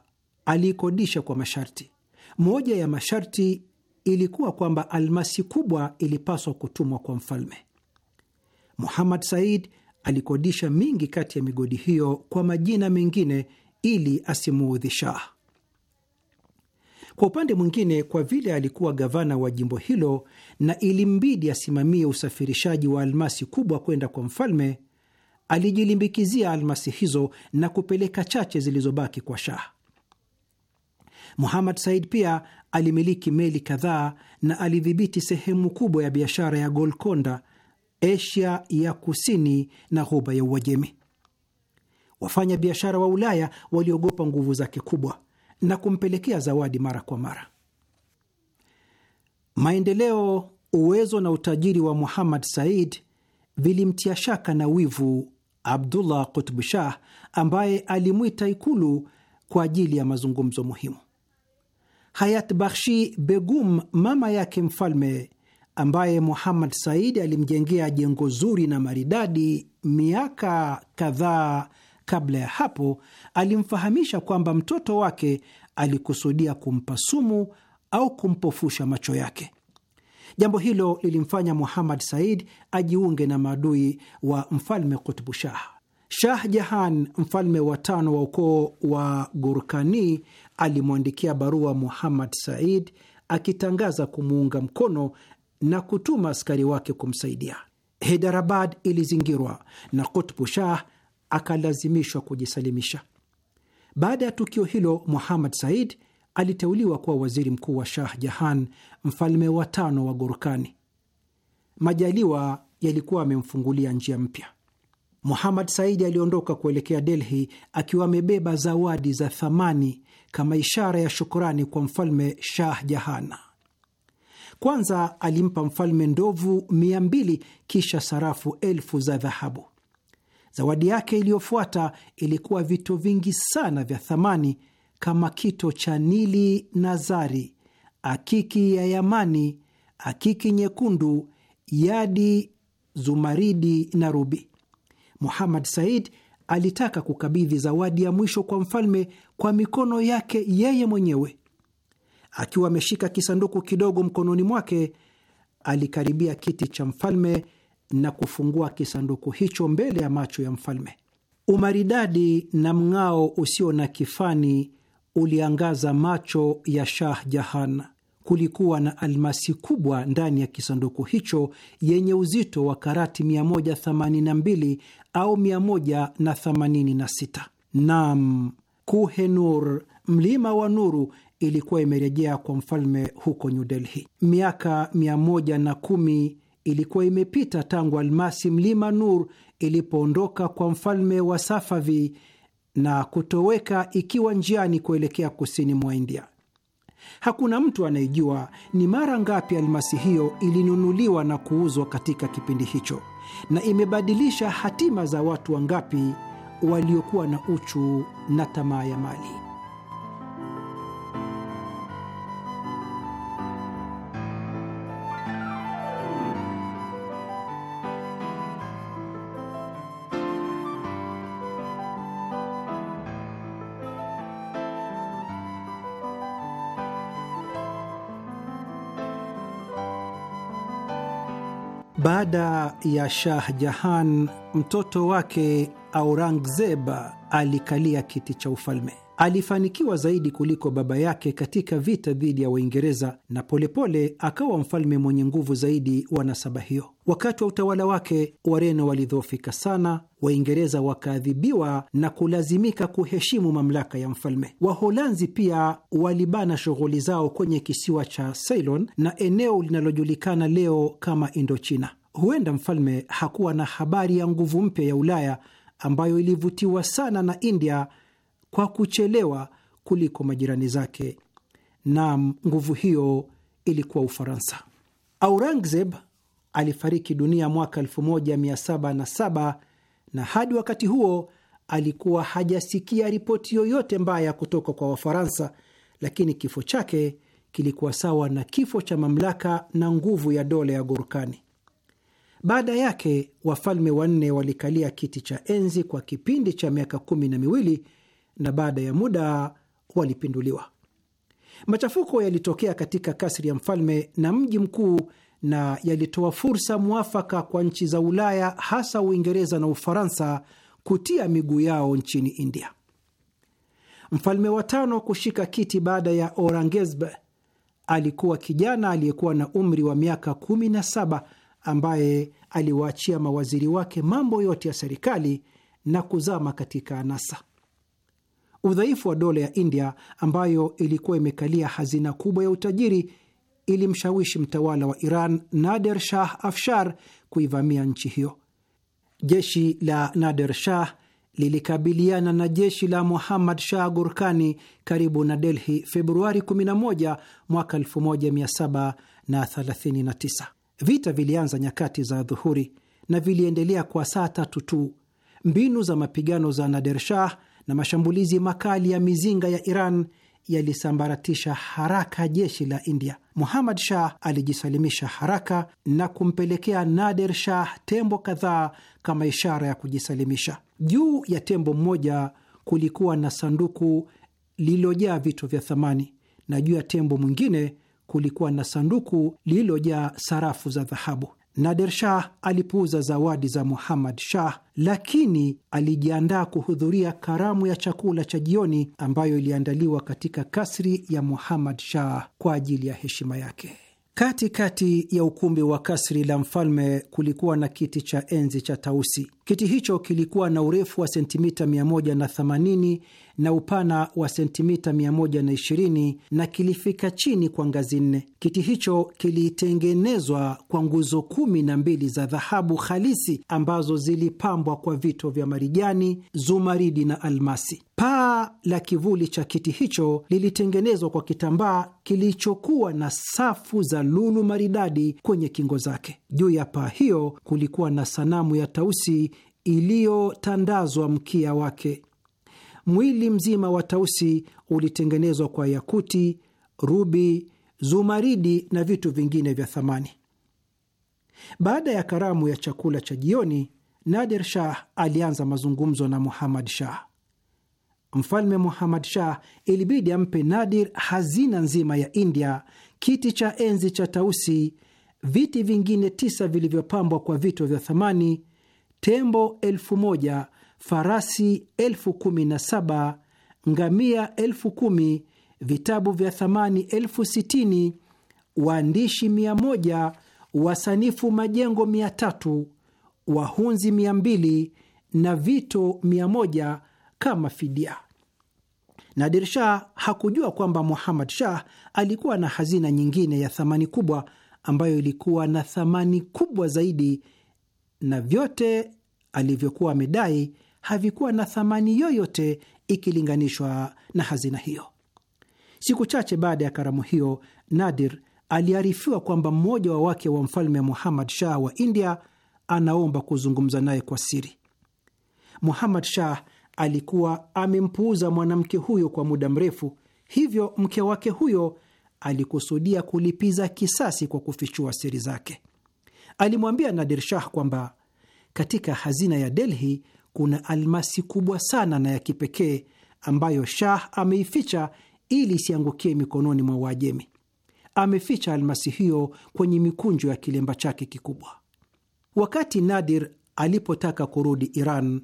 aliikodisha kwa masharti. Moja ya masharti ilikuwa kwamba almasi kubwa ilipaswa kutumwa kwa mfalme. Muhammad Said alikodisha mingi kati ya migodi hiyo kwa majina mengine ili asimuudhi Shah. Kwa upande mwingine, kwa vile alikuwa gavana wa jimbo hilo na ilimbidi asimamie usafirishaji wa almasi kubwa kwenda kwa mfalme, alijilimbikizia almasi hizo na kupeleka chache zilizobaki kwa Shah. Muhammad Said pia alimiliki meli kadhaa na alidhibiti sehemu kubwa ya biashara ya Golconda, Asia ya kusini na ghuba ya Uajemi. Wafanya biashara wa Ulaya waliogopa nguvu zake kubwa na kumpelekea zawadi mara kwa mara. Maendeleo, uwezo na utajiri wa Muhammad Said vilimtia shaka na wivu Abdullah Kutbu Shah ambaye alimwita Ikulu kwa ajili ya mazungumzo muhimu. Hayat Bakshi Begum, mama yake mfalme, ambaye Muhammad Said alimjengea jengo zuri na maridadi miaka kadhaa kabla ya hapo, alimfahamisha kwamba mtoto wake alikusudia kumpa sumu au kumpofusha macho yake. Jambo hilo lilimfanya Muhammad Said ajiunge na maadui wa mfalme Kutbu Shah. Shah Jahan, mfalme wa tano wa ukoo wa Gurkani, alimwandikia barua Muhammad Said akitangaza kumuunga mkono na kutuma askari wake kumsaidia. Hedarabad ilizingirwa na Kutbu Shah akalazimishwa kujisalimisha. Baada ya tukio hilo, Muhammad Said aliteuliwa kuwa waziri mkuu wa Shah Jahan, mfalme wa tano wa Gorkani. Majaliwa yalikuwa amemfungulia njia mpya. Muhammad Saidi aliondoka kuelekea Delhi akiwa amebeba zawadi za thamani kama ishara ya shukurani kwa mfalme Shah Jahana. Kwanza alimpa mfalme ndovu mia mbili kisha sarafu elfu za dhahabu. Zawadi yake iliyofuata ilikuwa vito vingi sana vya thamani kama kito cha Nili na zari, akiki ya Yamani, akiki nyekundu, yadi, zumaridi na rubi. Muhammad Said alitaka kukabidhi zawadi ya mwisho kwa mfalme kwa mikono yake yeye mwenyewe. Akiwa ameshika kisanduku kidogo mkononi mwake, alikaribia kiti cha mfalme na kufungua kisanduku hicho mbele ya macho ya mfalme. Umaridadi na mng'ao usio na kifani uliangaza macho ya Shah Jahan. Kulikuwa na almasi kubwa ndani ya kisanduku hicho yenye uzito wa karati 182 au 186. Naam, Kuhe Nur, mlima wa nuru, ilikuwa imerejea kwa mfalme huko New Delhi. Miaka mia moja na kumi ilikuwa imepita tangu almasi mlima Nur ilipoondoka kwa mfalme wa Safavi na kutoweka ikiwa njiani kuelekea kusini mwa India. Hakuna mtu anayejua ni mara ngapi almasi hiyo ilinunuliwa na kuuzwa katika kipindi hicho na imebadilisha hatima za watu wangapi waliokuwa na uchu na tamaa ya mali. Baada ya Shah Jahan, mtoto wake Aurangzeb alikalia kiti cha ufalme. Alifanikiwa zaidi kuliko baba yake katika vita dhidi ya Waingereza na polepole pole akawa mfalme mwenye nguvu zaidi wa nasaba hiyo. Wakati wa utawala wake, Wareno walidhoofika sana, Waingereza wakaadhibiwa na kulazimika kuheshimu mamlaka ya mfalme. Waholanzi pia walibana shughuli zao kwenye kisiwa cha Ceylon na eneo linalojulikana leo kama Indochina. Huenda mfalme hakuwa na habari ya nguvu mpya ya Ulaya ambayo ilivutiwa sana na India kwa kuchelewa kuliko majirani zake, na nguvu hiyo ilikuwa Ufaransa. Aurangzeb alifariki dunia mwaka 1707 na hadi wakati huo alikuwa hajasikia ripoti yoyote mbaya kutoka kwa Wafaransa, lakini kifo chake kilikuwa sawa na kifo cha mamlaka na nguvu ya dola ya Gorkani. Baada yake wafalme wanne walikalia kiti cha enzi kwa kipindi cha miaka kumi na miwili na baada ya muda walipinduliwa. Machafuko yalitokea katika kasri ya mfalme na mji mkuu na yalitoa fursa mwafaka kwa nchi za Ulaya, hasa Uingereza na Ufaransa, kutia miguu yao nchini India. Mfalme wa tano kushika kiti baada ya Aurangzeb alikuwa kijana aliyekuwa na umri wa miaka kumi na saba ambaye aliwaachia mawaziri wake mambo yote ya serikali na kuzama katika anasa. Udhaifu wa dola ya India ambayo ilikuwa imekalia hazina kubwa ya utajiri ilimshawishi mtawala wa Iran Nader Shah Afshar kuivamia nchi hiyo. Jeshi la Nader Shah lilikabiliana na jeshi la Muhammad Shah Gurkani karibu na Delhi Februari 11 mwaka 1739. Vita vilianza nyakati za dhuhuri na viliendelea kwa saa tatu tu. Mbinu za mapigano za Nader Shah na mashambulizi makali ya mizinga ya Iran yalisambaratisha haraka jeshi la India. Muhammad Shah alijisalimisha haraka na kumpelekea Nader Shah tembo kadhaa kama ishara ya kujisalimisha. Juu ya tembo mmoja kulikuwa na sanduku lililojaa vitu vya thamani na juu ya tembo mwingine kulikuwa na sanduku lililojaa sarafu za dhahabu. Nader Shah alipuuza zawadi za Muhammad Shah, lakini alijiandaa kuhudhuria karamu ya chakula cha jioni ambayo iliandaliwa katika kasri ya Muhammad Shah kwa ajili ya heshima yake. Katikati kati ya ukumbi wa kasri la mfalme kulikuwa na kiti cha enzi cha tausi. Kiti hicho kilikuwa na urefu wa sentimita 180 na upana wa sentimita 120 na kilifika chini kwa ngazi nne. Kiti hicho kilitengenezwa kwa nguzo kumi na mbili za dhahabu halisi ambazo zilipambwa kwa vito vya marijani, zumaridi na almasi. Paa la kivuli cha kiti hicho lilitengenezwa kwa kitambaa kilichokuwa na safu za lulu maridadi kwenye kingo zake. Juu ya paa hiyo kulikuwa na sanamu ya tausi iliyotandazwa mkia wake. Mwili mzima wa tausi ulitengenezwa kwa yakuti, rubi, zumaridi na vitu vingine vya thamani. Baada ya karamu ya chakula cha jioni, Nader Shah alianza mazungumzo na Muhammad Shah. Mfalme Muhammad Shah ilibidi ampe Nadir hazina nzima ya India, kiti cha enzi cha tausi, viti vingine tisa vilivyopambwa kwa vito vya thamani, tembo elfu moja farasi elfu kumi na saba, ngamia elfu kumi, vitabu vya thamani elfu sitini, waandishi mia moja, wasanifu majengo mia tatu, wahunzi mia mbili na vito mia moja kama fidia. Nadir Shah hakujua kwamba Muhammad Shah alikuwa na hazina nyingine ya thamani kubwa ambayo ilikuwa na thamani kubwa zaidi, na vyote alivyokuwa amedai havikuwa na thamani yoyote ikilinganishwa na hazina hiyo. Siku chache baada ya karamu hiyo, Nadir aliarifiwa kwamba mmoja wa wake wa mfalme Muhammad Shah wa India anaomba kuzungumza naye kwa siri. Muhammad Shah alikuwa amempuuza mwanamke huyo kwa muda mrefu, hivyo mke wake huyo alikusudia kulipiza kisasi kwa kufichua siri zake. Alimwambia Nadir Shah kwamba katika hazina ya Delhi kuna almasi kubwa sana na ya kipekee ambayo Shah ameificha ili isiangukie mikononi mwa Uajemi. Ameficha almasi hiyo kwenye mikunjo ya kilemba chake kikubwa. Wakati Nadir alipotaka kurudi Iran,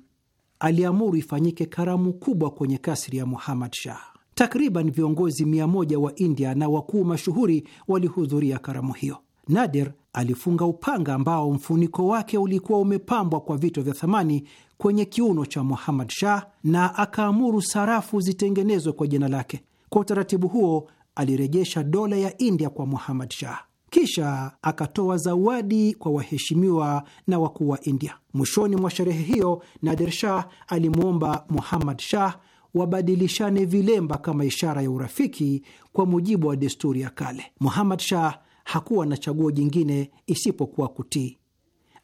aliamuru ifanyike karamu kubwa kwenye kasri ya Muhammad Shah. Takriban viongozi mia moja wa India na wakuu mashuhuri walihudhuria karamu hiyo. Nadir alifunga upanga ambao mfuniko wake ulikuwa umepambwa kwa vito vya thamani kwenye kiuno cha Muhammad Shah na akaamuru sarafu zitengenezwe kwa jina lake. Kwa utaratibu huo alirejesha dola ya India kwa Muhammad Shah. Kisha akatoa zawadi kwa waheshimiwa na wakuu wa India. Mwishoni mwa sherehe hiyo, Nader Shah alimwomba Muhammad Shah wabadilishane vilemba kama ishara ya urafiki kwa mujibu wa desturi ya kale. Muhammad Shah hakuwa na chaguo jingine isipokuwa kutii.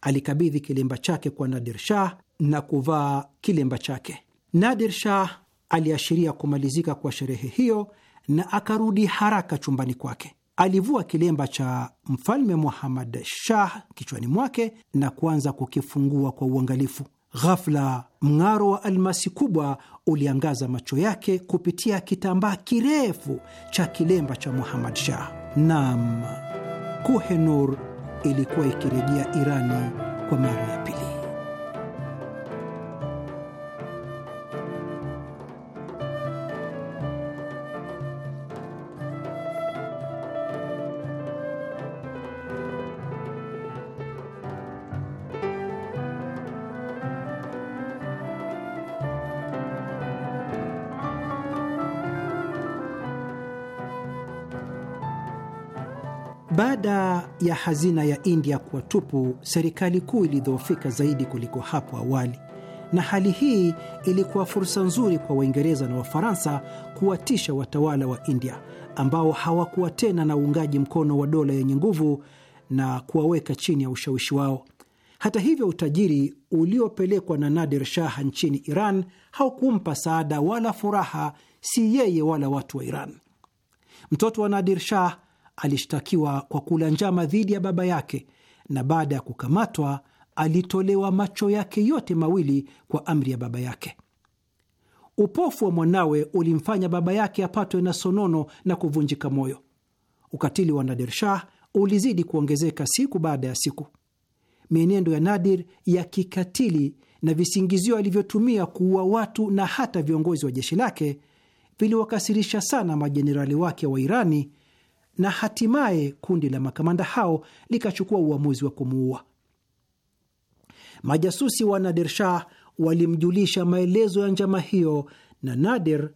Alikabidhi kilemba chake kwa Nadir Shah na kuvaa kilemba chake. Nadir Shah aliashiria kumalizika kwa sherehe hiyo na akarudi haraka chumbani kwake. Alivua kilemba cha mfalme Muhammad Shah kichwani mwake na kuanza kukifungua kwa uangalifu. Ghafla, mng'aro wa almasi kubwa uliangaza macho yake kupitia kitambaa kirefu cha kilemba cha Muhammad Shah. Naam, kuhenur ilikuwa ikirejea Irani kwa mara ya pili. ya hazina ya India kuwa tupu, serikali kuu ilidhoofika zaidi kuliko hapo awali, na hali hii ilikuwa fursa nzuri kwa Waingereza na Wafaransa kuwatisha watawala wa India ambao hawakuwa tena na uungaji mkono wa dola yenye nguvu na kuwaweka chini ya ushawishi wao. Hata hivyo, utajiri uliopelekwa na Nadir Shah nchini Iran haukumpa saada wala furaha, si yeye wala watu wa Iran. Mtoto wa Nadir Shah alishtakiwa kwa kula njama dhidi ya baba yake, na baada ya kukamatwa alitolewa macho yake yote mawili kwa amri ya baba yake. Upofu wa mwanawe ulimfanya baba yake apatwe na sonono na kuvunjika moyo. Ukatili wa Nadir Shah ulizidi kuongezeka siku baada ya siku. Mienendo ya Nadir ya kikatili na visingizio alivyotumia kuua watu na hata viongozi wa jeshi lake viliwakasirisha sana majenerali wake wa Irani na hatimaye kundi la makamanda hao likachukua uamuzi wa kumuua. Majasusi wa Nader Shah walimjulisha maelezo ya njama hiyo, na nader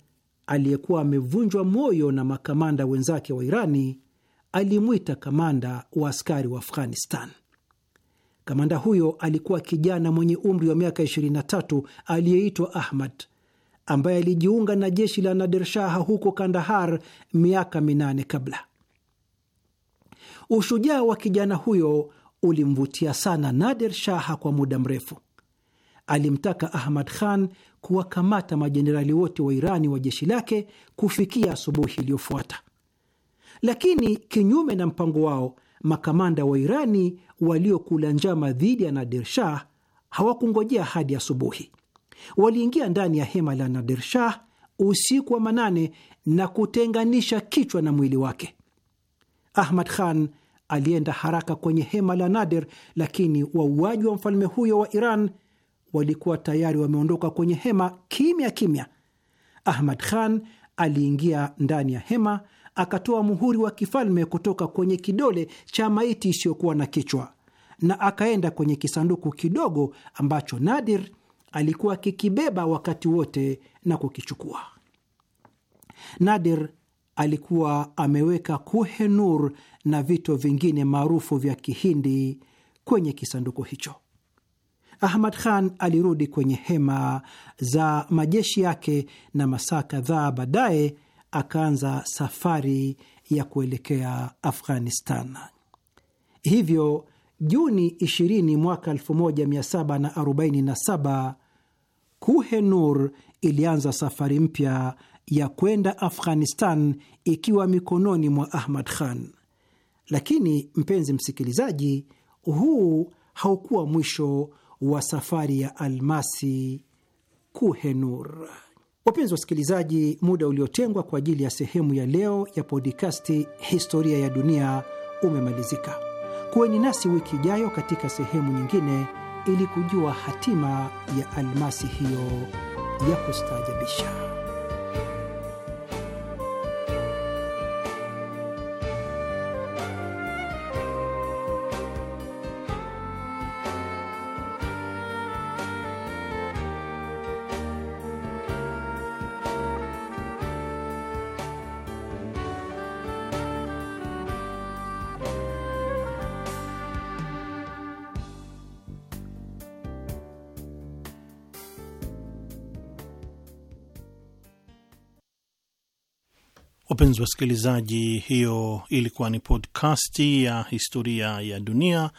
aliyekuwa amevunjwa moyo na makamanda wenzake wa Irani alimwita kamanda wa askari wa Afghanistan. Kamanda huyo alikuwa kijana mwenye umri wa miaka 23 aliyeitwa Ahmad ambaye alijiunga na jeshi la nader Shah huko Kandahar miaka minane kabla. Ushujaa wa kijana huyo ulimvutia sana Nader Shaha kwa muda mrefu. Alimtaka Ahmad Khan kuwakamata majenerali wote wa Irani wa jeshi lake kufikia asubuhi iliyofuata, lakini kinyume na mpango wao, makamanda wa Irani waliokula njama dhidi ya Nader Shah hawakungojea hadi asubuhi. Waliingia ndani ya hema la Nader Shah usiku wa manane na kutenganisha kichwa na mwili wake. Ahmad Khan alienda haraka kwenye hema la Nader, lakini wauaji wa mfalme huyo wa Iran walikuwa tayari wameondoka kwenye hema kimya kimya. Ahmad Khan aliingia ndani ya hema akatoa muhuri wa kifalme kutoka kwenye kidole cha maiti isiyokuwa na kichwa na akaenda kwenye kisanduku kidogo ambacho Nadir alikuwa akikibeba wakati wote na kukichukua. Nadir alikuwa ameweka Kuhe Nur na vito vingine maarufu vya Kihindi kwenye kisanduku hicho. Ahmad Khan alirudi kwenye hema za majeshi yake na masaa kadhaa baadaye akaanza safari ya kuelekea Afghanistan. Hivyo Juni 20 mwaka 1747 Kuhe Nur ilianza safari mpya ya kwenda Afghanistan ikiwa mikononi mwa Ahmad Khan. Lakini mpenzi msikilizaji, huu haukuwa mwisho wa safari ya almasi Kuhenur. Wapenzi wasikilizaji, muda uliotengwa kwa ajili ya sehemu ya leo ya podikasti Historia ya Dunia umemalizika. Kuweni nasi wiki ijayo katika sehemu nyingine ili kujua hatima ya almasi hiyo ya kustaajabisha. Wapenzi wasikilizaji, hiyo ilikuwa ni podkasti ya historia ya dunia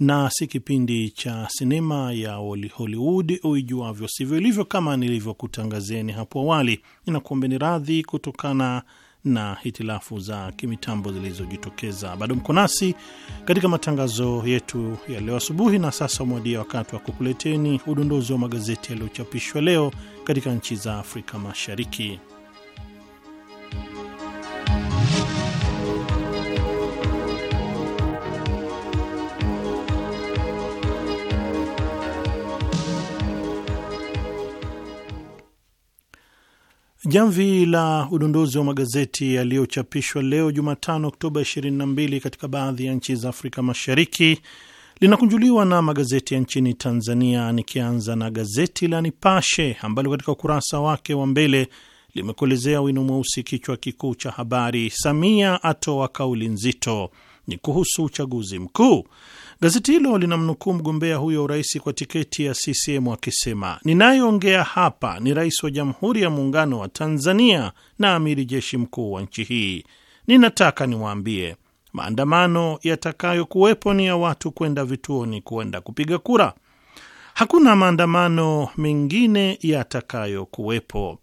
na si kipindi cha sinema ya Hollywood uijuavyo sivyo ilivyo, kama nilivyokutangazeni hapo awali. Ninakuombeni radhi kutokana na hitilafu za kimitambo zilizojitokeza. Bado mko nasi katika matangazo yetu ya leo asubuhi, na sasa umewadia wakati wa kukuleteni udondozi wa magazeti yaliyochapishwa leo katika nchi za Afrika Mashariki. Jamvi la udondozi wa magazeti yaliyochapishwa leo Jumatano, Oktoba 22 katika baadhi ya nchi za Afrika Mashariki linakunjuliwa na magazeti ya nchini Tanzania, nikianza na gazeti la Nipashe ambalo katika ukurasa wake wa mbele limekuelezea wino mweusi, kichwa kikuu cha habari, Samia atoa kauli nzito, ni kuhusu uchaguzi mkuu. Gazeti hilo linamnukuu mgombea huyo urais kwa tiketi ya CCM akisema, ninayoongea hapa ni rais wa Jamhuri ya Muungano wa Tanzania na amiri jeshi mkuu wa nchi hii. Ninataka niwaambie maandamano yatakayokuwepo ni ya watu kwenda vituoni kwenda kupiga kura. Hakuna maandamano mengine yatakayokuwepo.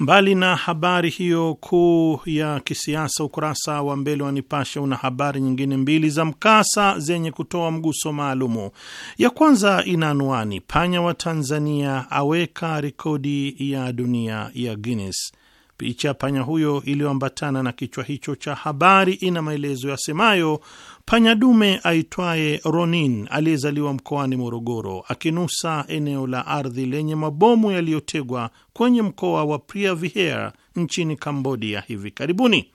Mbali na habari hiyo kuu ya kisiasa, ukurasa wa mbele wa Nipashe una habari nyingine mbili za mkasa zenye kutoa mguso maalumu. Ya kwanza ina anwani panya wa Tanzania aweka rekodi ya dunia ya Guinness. Picha ya panya huyo iliyoambatana na kichwa hicho cha habari ina maelezo yasemayo Panya dume aitwaye Ronin aliyezaliwa mkoani Morogoro, akinusa eneo la ardhi lenye mabomu yaliyotegwa kwenye mkoa wa Pria Viher nchini Kambodia hivi karibuni.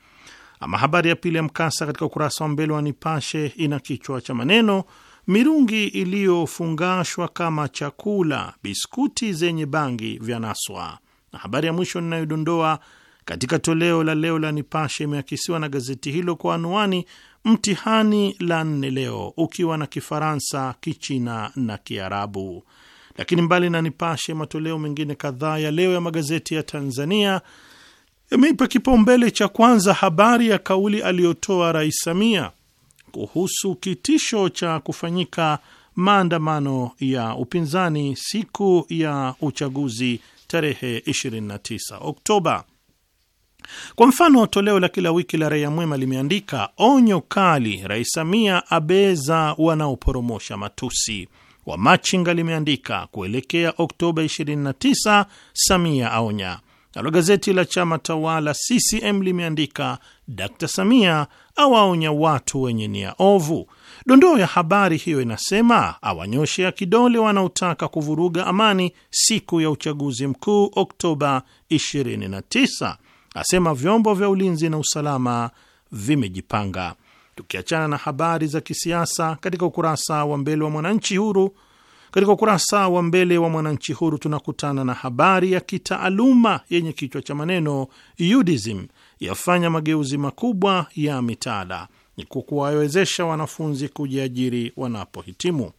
Ama habari ya pili ya mkasa katika ukurasa wa mbele wa Nipashe ina kichwa cha maneno mirungi iliyofungashwa kama chakula, biskuti zenye bangi vya naswa. Na habari ya mwisho ninayodondoa katika toleo la leo la Nipashe imeakisiwa na gazeti hilo kwa anuani mtihani la nne leo ukiwa na Kifaransa, Kichina na Kiarabu. Lakini mbali na Nipashe, matoleo mengine kadhaa ya leo ya magazeti ya Tanzania yameipa kipaumbele cha kwanza habari ya kauli aliyotoa Rais Samia kuhusu kitisho cha kufanyika maandamano ya upinzani siku ya uchaguzi tarehe 29 Oktoba. Kwa mfano, toleo la kila wiki la Raia Mwema limeandika onyo kali, Rais Samia abeza wanaoporomosha matusi. Wamachinga limeandika kuelekea Oktoba 29 Samia aonya. Nalo gazeti la chama tawala CCM limeandika Dkt Samia awaonya watu wenye nia ovu. Dondoo ya habari hiyo inasema awanyoshea kidole wanaotaka kuvuruga amani siku ya uchaguzi mkuu Oktoba 29. Asema vyombo vya ulinzi na usalama vimejipanga. Tukiachana na habari za kisiasa, katika ukurasa wa mbele wa Mwananchi Huru, katika ukurasa wa mbele wa Mwananchi Huru tunakutana na habari ya kitaaluma yenye kichwa cha maneno UDISM yafanya mageuzi makubwa ya mitaala, ni kukuwawezesha wanafunzi kujiajiri wanapohitimu.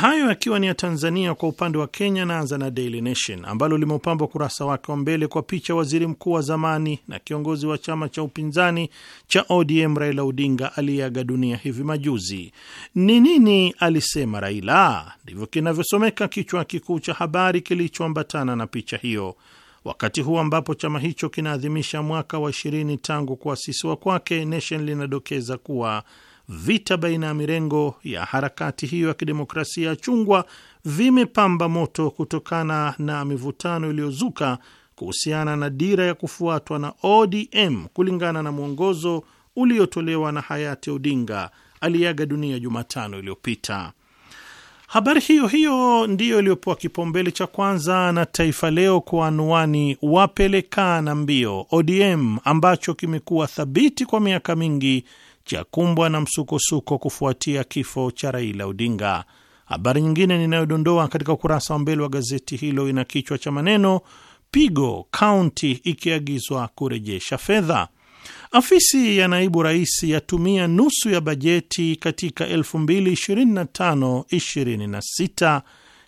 Hayo yakiwa ni ya Tanzania. Kwa upande wa Kenya, naanza na Daily Nation ambalo limeupamba ukurasa wake wa mbele kwa picha waziri mkuu wa zamani na kiongozi wa chama cha upinzani cha ODM Raila Odinga aliyeaga dunia hivi majuzi. Ni nini alisema Raila? Ndivyo kinavyosomeka kichwa kikuu cha habari kilichoambatana na picha hiyo, wakati huu ambapo chama hicho kinaadhimisha mwaka wa ishirini tangu kuasisiwa kwake. Nation linadokeza kuwa vita baina ya mirengo ya harakati hiyo ya kidemokrasia ya chungwa vimepamba moto kutokana na mivutano iliyozuka kuhusiana na dira ya kufuatwa na ODM kulingana na mwongozo uliotolewa na hayati Odinga aliyeaga dunia Jumatano iliyopita. Habari hiyo hiyo ndiyo iliyopewa kipaumbele cha kwanza na Taifa Leo kwa anwani wapelekana mbio ODM, ambacho kimekuwa thabiti kwa miaka mingi cha kumbwa na msukosuko kufuatia kifo cha Raila Odinga. Habari nyingine ninayodondoa katika ukurasa wa mbele wa gazeti hilo ina kichwa cha maneno pigo, kaunti ikiagizwa kurejesha fedha. Afisi ya naibu rais yatumia nusu ya bajeti katika 2025/26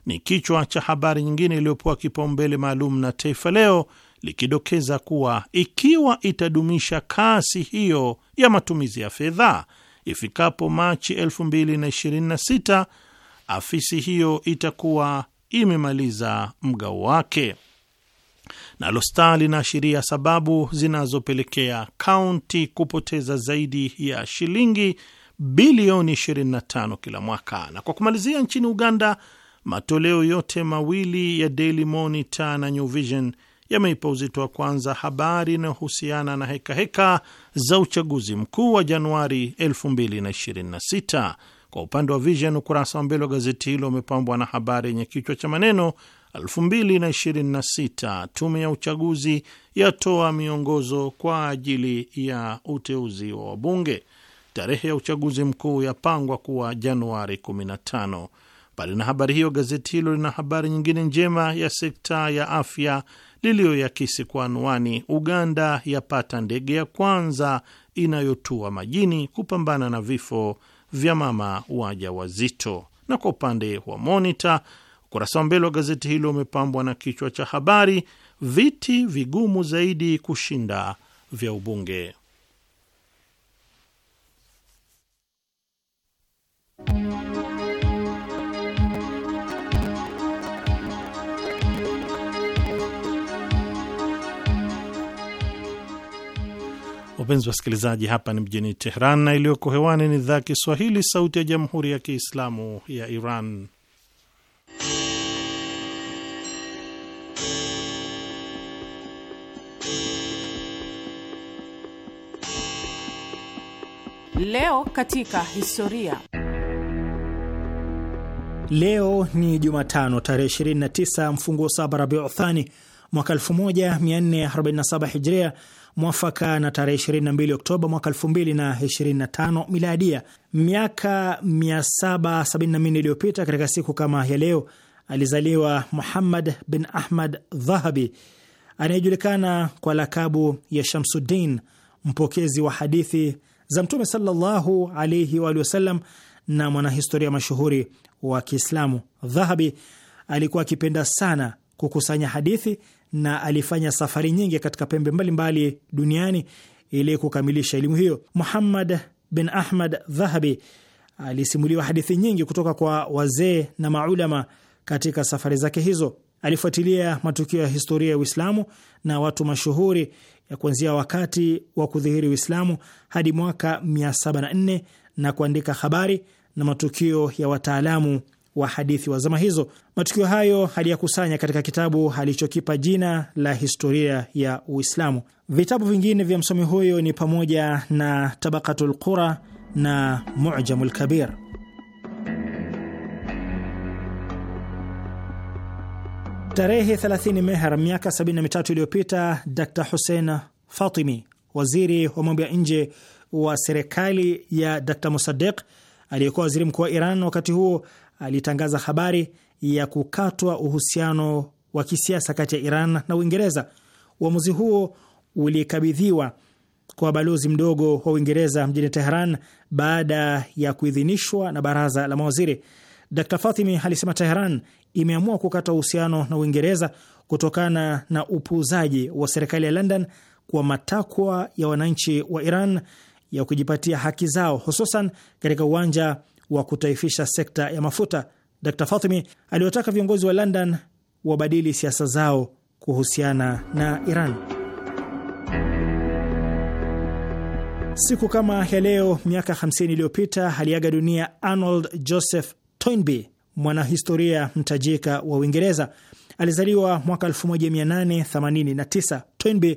ni kichwa cha habari nyingine iliyopewa kipaumbele maalum na Taifa Leo, likidokeza kuwa ikiwa itadumisha kasi hiyo ya matumizi ya fedha ifikapo Machi 2026, afisi hiyo itakuwa imemaliza mgao wake. Nalo Star linaashiria sababu zinazopelekea kaunti kupoteza zaidi ya shilingi bilioni 25 kila mwaka. Na kwa kumalizia, nchini Uganda, matoleo yote mawili ya Daily Monitor na New Vision yameipa uzito wa kwanza habari inayohusiana na hekaheka heka za uchaguzi mkuu wa Januari 2026. Kwa upande wa Vision, ukurasa wa mbele wa gazeti hilo umepambwa na habari yenye kichwa cha maneno 2026 tume ya uchaguzi yatoa miongozo kwa ajili ya uteuzi wa wabunge. Tarehe ya uchaguzi mkuu yapangwa kuwa Januari 15. Mbali na habari hiyo, gazeti hilo lina habari nyingine njema ya sekta ya afya liliyoyakisi kwa anwani, Uganda yapata ndege ya kwanza inayotua majini kupambana na vifo vya mama waja wazito Na kwa upande wa Monita, ukurasa wa mbele wa gazeti hilo umepambwa na kichwa cha habari, viti vigumu zaidi kushinda vya ubunge. Wapenzi wasikilizaji, hapa ni mjini Teheran na iliyoko hewani ni idhaa Kiswahili, Sauti ya Jamhuri ya Kiislamu ya Iran. Leo katika historia. Leo ni Jumatano tarehe 29 mfunguo saba Rabiu Thani mwaka 1447 Hijria mwafaka na tarehe 22 Oktoba mwaka 2025 miladia. Miaka 774 iliyopita katika siku kama ya leo alizaliwa Muhammad bin Ahmad Dhahabi anayejulikana kwa lakabu ya Shamsuddin, mpokezi wa hadithi za Mtume sallallahu alaihi wa wasallam na mwanahistoria mashuhuri wa Kiislamu. Dhahabi alikuwa akipenda sana kukusanya hadithi na alifanya safari nyingi katika pembe mbalimbali mbali duniani ili kukamilisha elimu hiyo. Muhammad bin Ahmad Dhahabi alisimuliwa hadithi nyingi kutoka kwa wazee na maulama katika safari zake hizo. Alifuatilia matukio ya historia ya Uislamu na watu mashuhuri ya kuanzia wakati wa kudhihiri Uislamu hadi mwaka 704 na kuandika habari na matukio ya wataalamu wa hadithi wa zama hizo. Matukio hayo aliyakusanya katika kitabu alichokipa jina la Historia ya Uislamu. Vitabu vingine vya msomi huyo ni pamoja na Tabakatul Qura na Mujamul Kabir. Tarehe 30 Meher miaka 73 iliyopita, Dr Hussein Fatimi, waziri wa mambo ya nje wa serikali ya Dr musadiq aliyekuwa waziri mkuu wa Iran wakati huo, alitangaza habari ya kukatwa uhusiano wa kisiasa kati ya Iran na Uingereza. Uamuzi huo ulikabidhiwa kwa balozi mdogo wa Uingereza mjini Teheran baada ya kuidhinishwa na baraza la mawaziri. Dr Fatimi alisema Teheran imeamua kukata uhusiano na Uingereza kutokana na upuuzaji wa serikali ya London kwa matakwa ya wananchi wa Iran ya kujipatia haki zao, hususan katika uwanja wa kutaifisha sekta ya mafuta. Dr Fatimi aliwataka viongozi wa London wabadili siasa zao kuhusiana na Iran. Siku kama ya leo miaka 50 iliyopita aliaga dunia Arnold Joseph Toynbee, mwanahistoria mtajika wa Uingereza. Alizaliwa mwaka 1889. Toynbee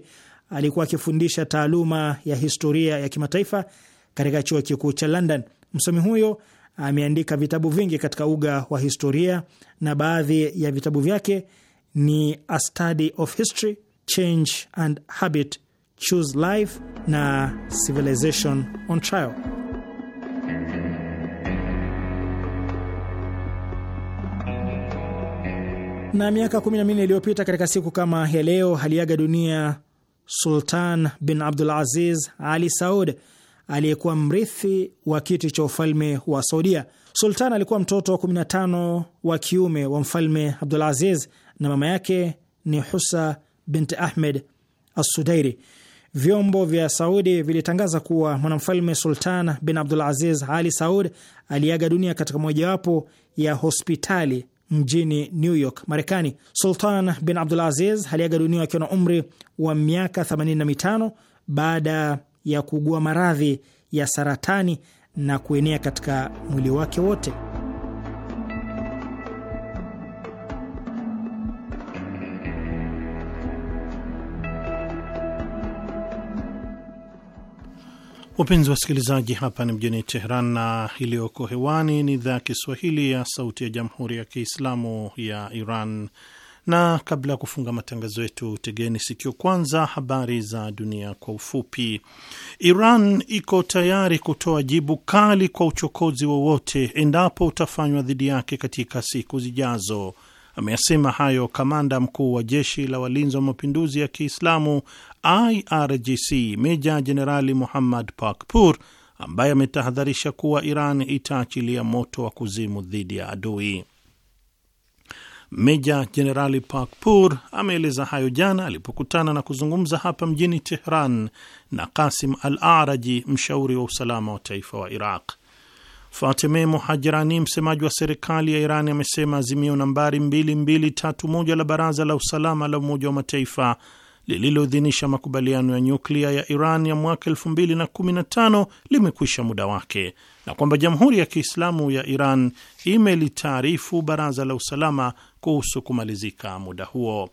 alikuwa akifundisha taaluma ya historia ya kimataifa katika chuo kikuu cha London. Msomi huyo ameandika vitabu vingi katika uga wa historia na baadhi ya vitabu vyake ni A Study of History, Change and Habit, Choose Life na Civilization on Trial. Na miaka 14 iliyopita katika siku kama ya leo aliaga dunia Sultan bin Abdul Aziz Ali Saud aliyekuwa mrithi wa kiti cha ufalme wa Saudia. Sultan alikuwa mtoto wa 15 wa kiume wa mfalme Abdulaziz na mama yake ni Husa bint Ahmed Assudairi. Vyombo vya Saudi vilitangaza kuwa mwanamfalme Sultan bin Aziz Ali Saud aliaga dunia katika mojawapo ya hospitali mjini New York, Marekani. Sultan bin Aziz aliaga dunia akiwa na umri wa miaka 85 baada ya kuugua maradhi ya saratani na kuenea katika mwili wake wote. Wapenzi wasikilizaji, hapa ni mjini Teheran na iliyoko hewani ni idhaa ya Kiswahili ya Sauti ya Jamhuri ya Kiislamu ya Iran na kabla ya kufunga matangazo yetu, tegeni sikio kwanza habari za dunia kwa ufupi. Iran iko tayari kutoa jibu kali kwa uchokozi wowote endapo utafanywa dhidi yake katika siku zijazo. Ameyasema hayo kamanda mkuu wa jeshi la walinzi wa mapinduzi ya Kiislamu IRGC meja jenerali Muhammad Pakpur ambaye ametahadharisha kuwa Iran itaachilia moto wa kuzimu dhidi ya adui. Meja Jenerali Pakpur ameeleza hayo jana alipokutana na kuzungumza hapa mjini Tehran na Kasim Al Araji, mshauri wa usalama wa taifa wa Iraq. Fatime Muhajirani, msemaji wa serikali ya Iran, amesema azimio nambari 2231 la Baraza la Usalama la Umoja wa Mataifa lililoidhinisha makubaliano ya nyuklia ya Iran ya mwaka 2015 limekwisha muda wake na kwamba Jamhuri ya Kiislamu ya Iran imelitaarifu Baraza la Usalama kuhusu kumalizika muda huo.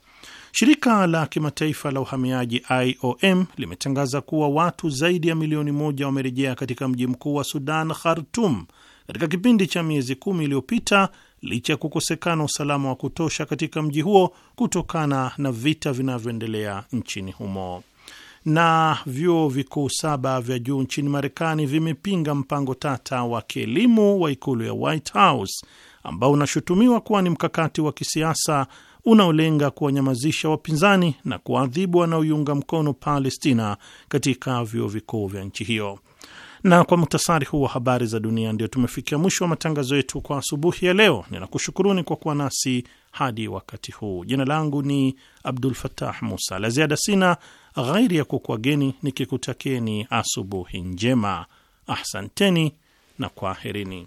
Shirika la kimataifa la uhamiaji IOM limetangaza kuwa watu zaidi ya milioni moja wamerejea katika mji mkuu wa Sudan, Khartum, katika kipindi cha miezi kumi iliyopita licha ya kukosekana usalama wa kutosha katika mji huo kutokana na vita vinavyoendelea nchini humo. Na vyuo vikuu saba vya juu nchini Marekani vimepinga mpango tata wa kielimu wa ikulu ya White House ambao unashutumiwa kuwa ni mkakati wa kisiasa unaolenga kuwanyamazisha wapinzani na kuwaadhibu wanaoiunga mkono Palestina katika vyuo vikuu vya nchi hiyo. Na kwa muhtasari huu wa habari za dunia, ndio tumefikia mwisho wa matangazo yetu kwa asubuhi ya leo. Ninakushukuruni kwa kuwa nasi hadi wakati huu. Jina langu ni Abdul Fatah Musa. La ziada sina ghairi ya ni nikikutakeni asubuhi njema. Ahsanteni na kwaherini.